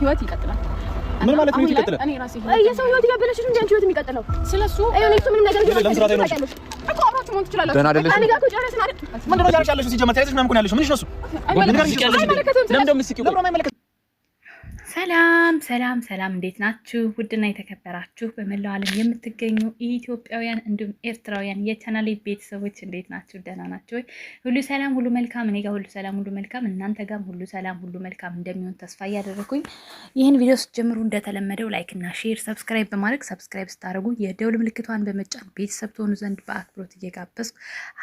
ህይወት ይቀጥላል። ምን ማለት ነው? ይቀጥላል እኔ ራሴ የሰው ህይወት እያበላሽ ነው እንጂ አንቺ ህይወት የሚቀጥለው ስለሱ እሱ ምንም ነገር ሰላም ሰላም ሰላም ሰላም፣ እንዴት ናችሁ? ውድና የተከበራችሁ በመላው ዓለም የምትገኙ ኢትዮጵያውያን እንዲሁም ኤርትራውያን የቻናሌ ቤተሰቦች እንዴት ናችሁ? ደህና ናችሁ ወይ? ሁሉ ሰላም ሁሉ መልካም፣ እኔ ጋር ሁሉ ሰላም ሁሉ መልካም፣ እናንተ ጋርም ሁሉ ሰላም ሁሉ መልካም እንደሚሆን ተስፋ እያደረኩኝ ይህን ቪዲዮ ስትጀምሩ እንደተለመደው ላይክ እና ሼር፣ ሰብስክራይብ በማድረግ ሰብስክራይብ ስታደርጉ የደውል ምልክቷን በመጫን ቤተሰብ ትሆኑ ዘንድ በአክብሮት እየጋበዝኩ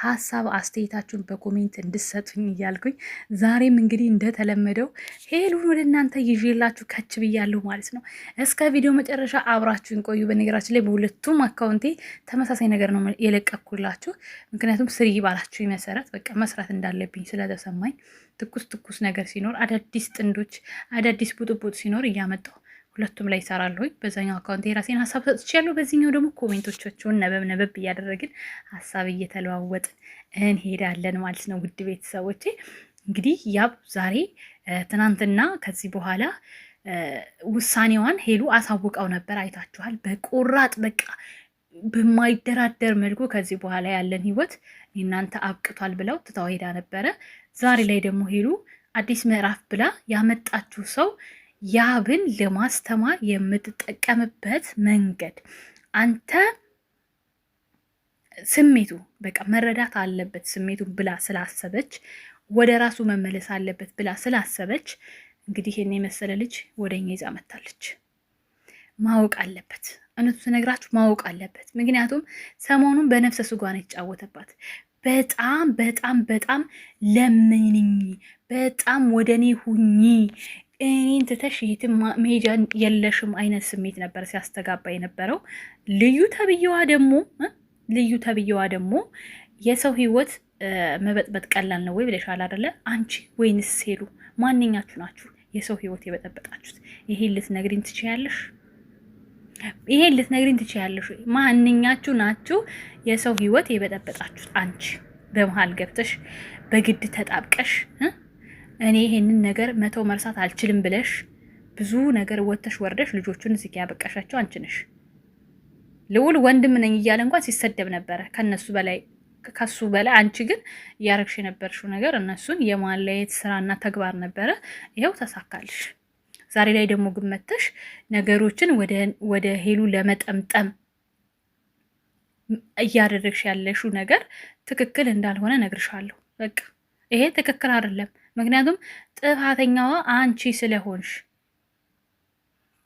ሀሳብ አስተያየታችሁን በኮሜንት እንድሰጡኝ እያልኩኝ ዛሬም እንግዲህ እንደተለመደው ሄሉን ወደ እናንተ ይዤላችሁ ከች ብያ አደርጋለሁ ማለት ነው። እስከ ቪዲዮ መጨረሻ አብራችሁን ቆዩ። በነገራችን ላይ በሁለቱም አካውንቴ ተመሳሳይ ነገር ነው የለቀኩላችሁ። ምክንያቱም ስሪ ባላችሁ መሰረት በቃ መስራት እንዳለብኝ ስለተሰማኝ ትኩስ ትኩስ ነገር ሲኖር፣ አዳዲስ ጥንዶች፣ አዳዲስ ቡጥቡጥ ሲኖር እያመጣው ሁለቱም ላይ ይሰራለሁ። በዛኛው አካውንት የራሴን ሀሳብ ሰጥቻለሁ። በዚህኛው ደግሞ ኮሜንቶቻቸውን ነበብ ነበብ እያደረግን ሀሳብ እየተለዋወጥን እንሄዳለን ማለት ነው። ውድ ቤተሰቦቼ እንግዲህ ያብ ዛሬ ትናንትና ከዚህ በኋላ ውሳኔዋን ሄሉ አሳውቀው ነበር። አይታችኋል። በቆራጥ በቃ በማይደራደር መልኩ ከዚህ በኋላ ያለን ህይወት እናንተ አብቅቷል ብለው ትተዋሄዳ ሄዳ ነበረ። ዛሬ ላይ ደግሞ ሄሉ አዲስ ምዕራፍ ብላ ያመጣችው ሰው ያብን ለማስተማር የምትጠቀምበት መንገድ አንተ ስሜቱ በቃ መረዳት አለበት ስሜቱ ብላ ስላሰበች ወደ ራሱ መመለስ አለበት ብላ ስላሰበች እንግዲህ ይህን የመሰለ ልጅ ወደ እኛ ይዛ መታለች። ማወቅ አለበት፣ እውነቱ ስነግራችሁ ማወቅ አለበት። ምክንያቱም ሰሞኑን በነፍሰ ስጓን የተጫወተባት በጣም በጣም በጣም ለምንኝ፣ በጣም ወደ እኔ ሁኚ፣ እኔን ትተሽ የትም መሄጃ የለሽም አይነት ስሜት ነበር ሲያስተጋባ የነበረው። ልዩ ተብዬዋ ደግሞ ልዩ ተብዬዋ ደግሞ የሰው ህይወት መበጥበጥ ቀላል ነው ወይ ብለሻል አደለ? አንቺ ወይንስ ሄሉ ማንኛችሁ ናችሁ? የሰው ህይወት የበጠበጣችሁት? ይሄን ልትነግሪኝ ትችያለሽ? ይሄን ልትነግሪኝ ትችያለሽ? ማንኛችሁ ናችሁ የሰው ህይወት የበጠበጣችሁት? አንቺ በመሀል ገብተሽ በግድ ተጣብቀሽ እኔ ይሄንን ነገር መተው መርሳት አልችልም ብለሽ ብዙ ነገር ወተሽ ወርደሽ ልጆቹን እዚህ ያበቃሻቸው አንቺ ነሽ። ልውል ወንድም ነኝ እያለ እንኳን ሲሰደብ ነበረ ከነሱ በላይ ከሱ በላይ አንቺ ግን እያረግሽ የነበርሽው ነገር እነሱን የማለየት ስራና ተግባር ነበረ። ይኸው ተሳካልሽ። ዛሬ ላይ ደግሞ ግን መተሽ ነገሮችን ወደ ሄሉ ለመጠምጠም እያደረግሽ ያለሽው ነገር ትክክል እንዳልሆነ ነግርሻለሁ። በቃ ይሄ ትክክል አይደለም። ምክንያቱም ጥፋተኛዋ አንቺ ስለሆንሽ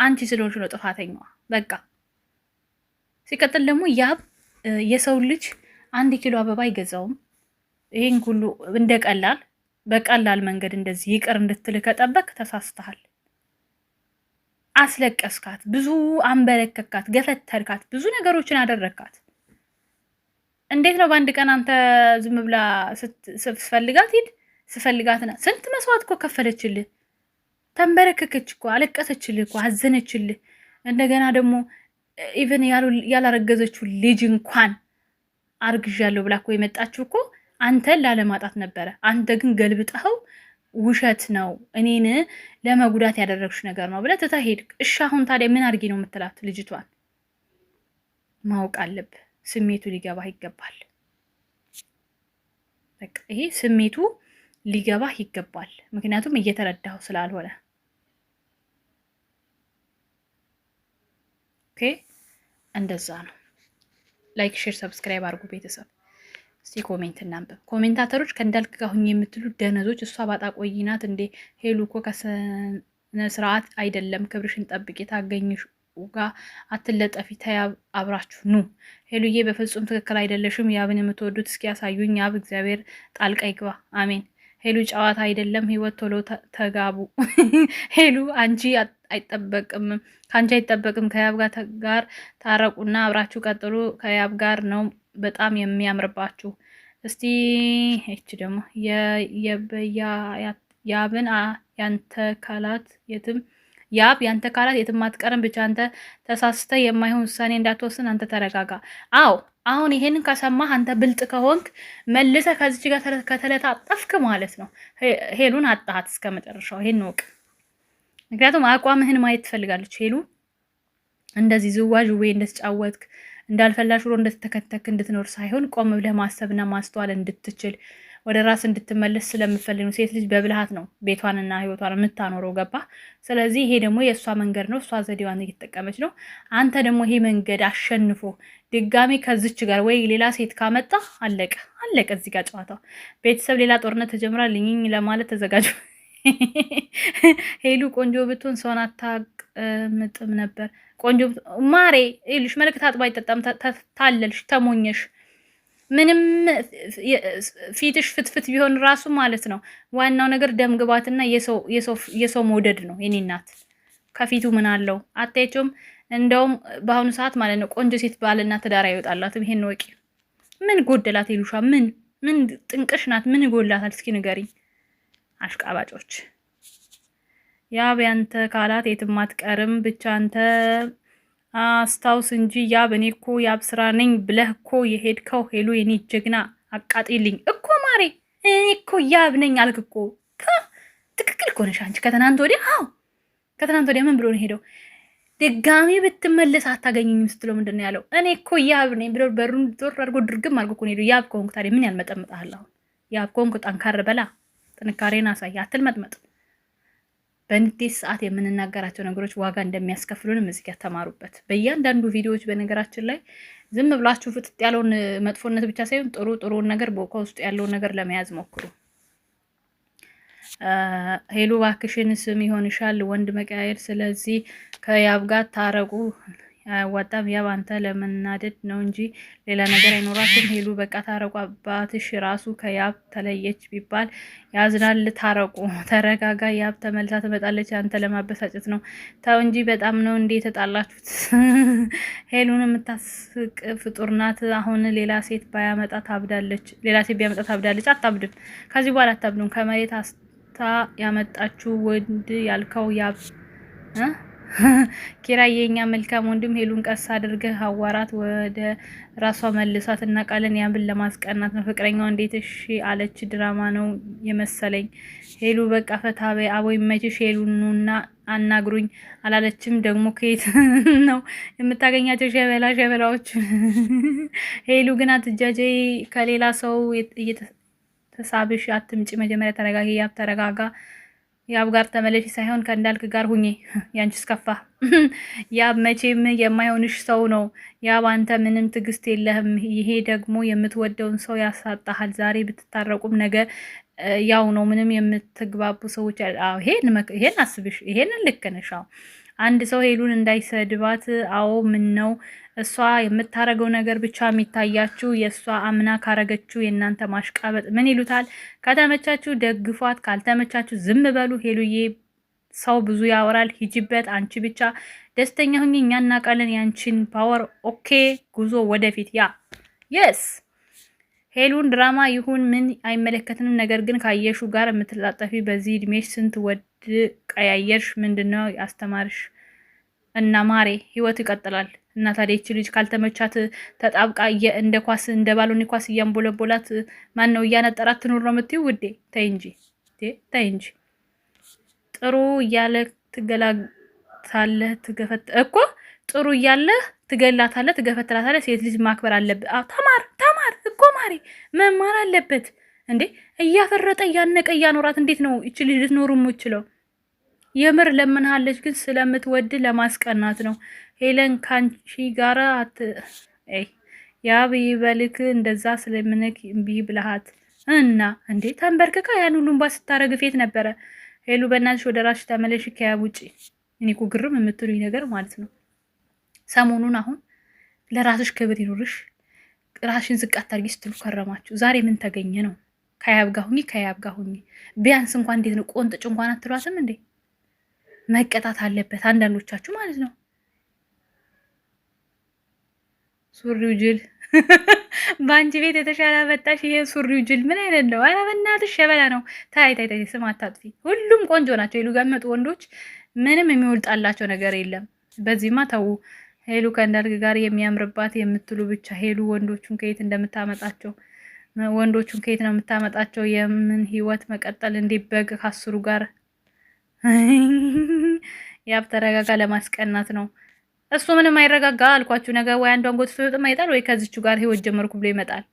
አንቺ ስለሆንሽ ነው ጥፋተኛዋ። በቃ ሲቀጥል ደግሞ ያብ የሰው ልጅ አንድ ኪሎ አበባ አይገዛውም። ይህን ሁሉ እንደ ቀላል በቀላል መንገድ እንደዚህ ይቅር እንድትል ከጠበቅ ተሳስተሃል። አስለቀስካት፣ ብዙ አንበረከካት፣ ገፈተርካት፣ ብዙ ነገሮችን አደረግካት። እንዴት ነው በአንድ ቀን አንተ ዝም ብላ ስፈልጋት ሂድ ስፈልጋትና ስንት መስዋዕት እኮ ከፈለችልህ። ተንበረከከች እኮ አለቀሰችልህ እኮ አዘነችልህ። እንደገና ደግሞ ኢቨን ያላረገዘችው ልጅ እንኳን አርግዣለሁ ብላ እኮ የመጣችው እኮ አንተን ላለማጣት ነበረ። አንተ ግን ገልብጠኸው ውሸት ነው እኔን ለመጉዳት ያደረግሽ ነገር ነው ብለህ ትተህ ሄድክ። እሺ አሁን ታዲያ ምን አድርጌ ነው የምትላት? ልጅቷን ማወቅ አለብህ። ስሜቱ ሊገባህ ይገባል። በቃ ይሄ ስሜቱ ሊገባህ ይገባል። ምክንያቱም እየተረዳኸው ስላልሆነ ኦኬ፣ እንደዛ ነው። ላይክ፣ ሼር፣ ሰብስክራይብ አድርጉ ቤተሰብ። እስቲ ኮሜንት እናንብብ። ኮሜንታተሮች ከእንዳልክ ጋር ሁኝ የምትሉ ደነዞች፣ እሷ ባጣቆይ ናት እንዴ? ሄሉ እኮ ከስነ ስርዓት አይደለም። ክብርሽን ጠብቂ። ታገኝሽ ጋ አትለጠፊ። ተያ አብራችሁ ኑ። ሄሉዬ በፍጹም ትክክል አይደለሽም። ያብን የምትወዱት እስኪ ያሳዩኝ። ያብ እግዚአብሔር ጣልቃ ይግባ። አሜን ሄሉ ጨዋታ አይደለም ህይወት፣ ቶሎ ተጋቡ። ሄሉ አንቺ አይጠበቅም ከአንቺ አይጠበቅም። ከያብ ጋር ታረቁና አብራችሁ ቀጥሉ። ከያብ ጋር ነው በጣም የሚያምርባችሁ። እስቲ ይች ደግሞ ያብን ያንተ ካላት የትም ያብ ያንተ ካላት የትም አትቀርም። ብቻ አንተ ተሳስተ የማይሆን ውሳኔ እንዳትወስን አንተ ተረጋጋ። አዎ አሁን ይሄንን ከሰማህ አንተ ብልጥ ከሆንክ መልሰ ከዚች ጋር ከተለጣጠፍክ ማለት ነው ሄሉን አጣሃት እስከ መጨረሻው። ይሄን እወቅ። ምክንያቱም አቋምህን ማየት ትፈልጋለች ሄሉ። እንደዚህ ወይ እንደተጫወትክ እንዳልፈላሽ ሮ እንደተተከተክ እንድትኖር ሳይሆን ቆም ብለህ ማሰብና ማስተዋል እንድትችል ወደ ራስ እንድትመለስ ስለምፈልግ ነው። ሴት ልጅ በብልሃት ነው ቤቷንና ህይወቷን የምታኖረው። ገባ? ስለዚህ ይሄ ደግሞ የእሷ መንገድ ነው። እሷ ዘዴዋን እየተጠቀመች ነው። አንተ ደግሞ ይሄ መንገድ አሸንፎ ድጋሚ ከዚች ጋር ወይ ሌላ ሴት ካመጣ አለቀ አለቀ። እዚህ ጋር ጨዋታው ቤተሰብ ሌላ ጦርነት ተጀምሯል። ልኝኝ ለማለት ተዘጋጁ። ሄሉ ቆንጆ ብትሆን ሰውን አታቅምጥም ነበር። ቆንጆ ማሬ ልሽ መልክት አጥባ አይጠጣም። ታለልሽ፣ ተሞኘሽ ምንም ፊትሽ ፍትፍት ቢሆን ራሱ ማለት ነው። ዋናው ነገር ደም ግባትና የሰው መውደድ ነው። የኔ እናት ከፊቱ ምን አለው አታያቸውም? እንደውም በአሁኑ ሰዓት ማለት ነው ቆንጆ ሴት ባልና ትዳር አይወጣላትም። ይሄን ወቂ ምን ጎደላት ይሉሻ? ምን ምን ጥንቅሽ ናት? ምን ጎላታል? እስኪ ንገሪኝ አሽቃባጮች። ያ ቢያንተ ካላት የትም አትቀርም። ብቻ አንተ አስታውስ እንጂ ያብ እኔ እኮ ያብ ስራ ነኝ ብለህ እኮ የሄድከው ሄሎ የኔ ጀግና አቃጤልኝ እኮ ማሬ፣ እኔ እኮ ያብ ነኝ አልክ እኮ። ትክክል እኮ ነሽ አንቺ። ከትናንት ወዲያ አዎ፣ ከትናንት ወዲያ ምን ብሎ ነው ሄደው ድጋሚ ብትመለስ አታገኘኝም ስትለው ምንድን ነው ያለው? እኔ እኮ ያብ ነኝ ብሎ በሩን ጦር አድርጎ ድርግም አድርጎ እኮ ነው ሄደው። ያብ ከሆንክ ታዲያ ምን ያልመጠምጥሃል? አሁን ያብ ከሆንክ ጠንካር በላ፣ ጥንካሬን አሳይ፣ አትልመጥመጥ። በንዴት ሰዓት የምንናገራቸው ነገሮች ዋጋ እንደሚያስከፍሉን እዚህ ጋር ተማሩበት። በእያንዳንዱ ቪዲዮዎች በነገራችን ላይ ዝም ብላችሁ ፍጥጥ ያለውን መጥፎነት ብቻ ሳይሆን ጥሩ ጥሩን ነገር በውቋ ውስጥ ያለውን ነገር ለመያዝ ሞክሩ። ሄሉ እባክሽን ስም ይሆንሻል ወንድ መቀያየር፣ ስለዚህ ከያብ ጋር ታረቁ አያዋጣም። ያ ባንተ ለመናደድ ነው እንጂ ሌላ ነገር አይኖራትም። ሄሉ በቃ ታረቁ፣ አባትሽ ራሱ ከያብ ተለየች ቢባል ያዝናል። ታረቁ፣ ተረጋጋ። ያብ ተመልሳ ትመጣለች። አንተ ለማበሳጨት ነው። ተው እንጂ በጣም ነው እንዴ የተጣላችሁት? ሄሉን የምታስቅ ፍጡር ናት። አሁን ሌላ ሴት ባያመጣ ታብዳለች። ሌላ ሴት ቢያመጣ ታብዳለች። አታብድም። ከዚህ በኋላ አታብድም። ከመሬት አስታ ያመጣችሁ ወንድ ያልከው ያብ ኪራ የኛ መልካም ወንድም ሄሉን ቀስ አድርገህ አዋራት፣ ወደ ራሷ መልሳት እና ቃልን ያብን ለማስቀናት ነው። ፍቅረኛዋ እንዴት እሺ አለች? ድራማ ነው የመሰለኝ። ሄሉ በቃ ፈታ በይ አቦ ይመችሽ። ሄሉኑና አናግሩኝ አላለችም። ደግሞ ከየት ነው የምታገኛቸው ሸበላ ሸበላዎች? ሄሉ ግን አትጃጀይ፣ ከሌላ ሰው እየተሳብሽ አትምጪ። መጀመሪያ ተረጋጊ፣ ያብ ተረጋጋ ያብ ጋር ተመለሽ ሳይሆን ከእንዳልክ ጋር ሁኜ ያንቺስ ከፋ። ያብ መቼም የማይሆንሽ ሰው ነው። ያብ አንተ ምንም ትዕግስት የለህም። ይሄ ደግሞ የምትወደውን ሰው ያሳጣሃል። ዛሬ ብትታረቁም ነገ ያው ነው። ምንም የምትግባቡ ሰዎች ይሄን አስብሽ። ይሄን ልክ ነሽ። አንድ ሰው ሄሉን እንዳይሰድባት። አዎ ምን ነው እሷ የምታረገው ነገር ብቻ የሚታያችሁ የእሷ አምና ካረገችው የእናንተ ማሽቃበጥ ምን ይሉታል? ከተመቻችሁ ደግፏት፣ ካልተመቻችሁ ዝም በሉ። ሄሉዬ ሰው ብዙ ያወራል፣ ሂጅበት። አንቺ ብቻ ደስተኛ ሁኚ። እኛ እናውቃለን ያንቺን ፓወር። ኦኬ ጉዞ ወደፊት። ያ የስ ሄሉን ድራማ ይሁን ምን አይመለከትንም። ነገር ግን ካየሹ ጋር የምትላጠፊ በዚህ እድሜሽ ስንት ወድ ቀያየርሽ ምንድነው አስተማርሽ? እና ማሬ ህይወት ይቀጥላል። እና ታዲያ ይቺ ልጅ ካልተመቻት ተጣብቃ እንደ ኳስ እንደ ባሎኒ ኳስ እያንቦለቦላት ማን ነው እያነጠራት ትኑር ነው የምትይው? ውዴ ተይ እንጂ ተይ እንጂ ጥሩ እያለ ትገላታለህ ትገፈት እኮ ጥሩ እያለ ትገላታለህ ትገፈትላታለህ። ሴት ልጅ ማክበር አለብህ። ተማር ተማር እኮ ማሪ መማር አለበት። እንዴ እያፈረጠ እያነቀ እያኖራት እንዴት ነው ይች ልጅ ልትኖሩ የምችለው? የምር ለምንሃለች፣ ግን ስለምትወድ ለማስቀናት ነው። ሄለን ካንቺ ጋር ጋራ ያ ቢበልክ እንደዛ ስለምንክ እምቢ ብልሃት እና እንዴ ተንበርክካ ያን ሁሉ እንባ ስታረግ ፌት ነበረ። ሄሉ በእናትሽ ወደ ራስሽ ተመለሽ፣ ከያብ ውጪ። እኔ እኮ ግርም የምትሉኝ ነገር ማለት ነው ሰሞኑን አሁን ለራስሽ ክብር ይኑርሽ፣ ራስሽን ዝቅ አታርጊ ስትሉ ከረማችሁ። ዛሬ ምን ተገኘ ነው? ከያብ ከያብጋሁኝ ከያብ ቢያንስ እንኳን እንዴት ነው ቆንጥጭ እንኳን አትሏትም እንዴ? መቀጣት አለበት አንዳንዶቻችሁ ማለት ነው። ሱሪው ጅል በአንቺ ቤት የተሻለ መጣሽ። ይሄ ሱሪው ጅል ምን አይነት ነው? ኧረ በእናትሽ ነው። ታይ ታይ ታይ፣ ስም አታጥፊ። ሁሉም ቆንጆ ናቸው። ሄሉ ጋር የሚመጡ ወንዶች ምንም የሚወልጣላቸው ነገር የለም። በዚህማ ተው። ሄሉ ከእንዳልግ ጋር የሚያምርባት የምትሉ ብቻ ሄሉ ወንዶቹን ከየት እንደምታመጣቸው ወንዶቹን ከየት ነው የምታመጣቸው? የምን ህይወት መቀጠል እንዴ? በግ ካስሩ ጋር ያብ ተረጋጋ። ለማስቀናት ነው እሱ። ምንም አይረጋጋ አልኳችሁ። ነገ ወይ አንዷን ጎትቶ ጥማ ይጣል ወይ ከዚቹ ጋር ህይወት ጀመርኩ ብሎ ይመጣል።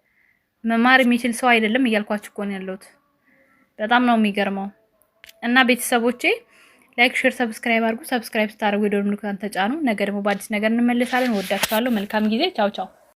መማር የሚችል ሰው አይደለም እያልኳችሁ እኮ ነው ያለሁት። በጣም ነው የሚገርመው። እና ቤተሰቦቼ ላይክ፣ ሼር፣ ሰብስክራይብ አድርጉ። ሰብስክራይብ ስታደርጉ የደወል ምልክቱን ተጫኑ። ነገ ደግሞ በአዲስ ነገር እንመለሳለን። ወዳችኋለሁ። መልካም ጊዜ። ቻው ቻው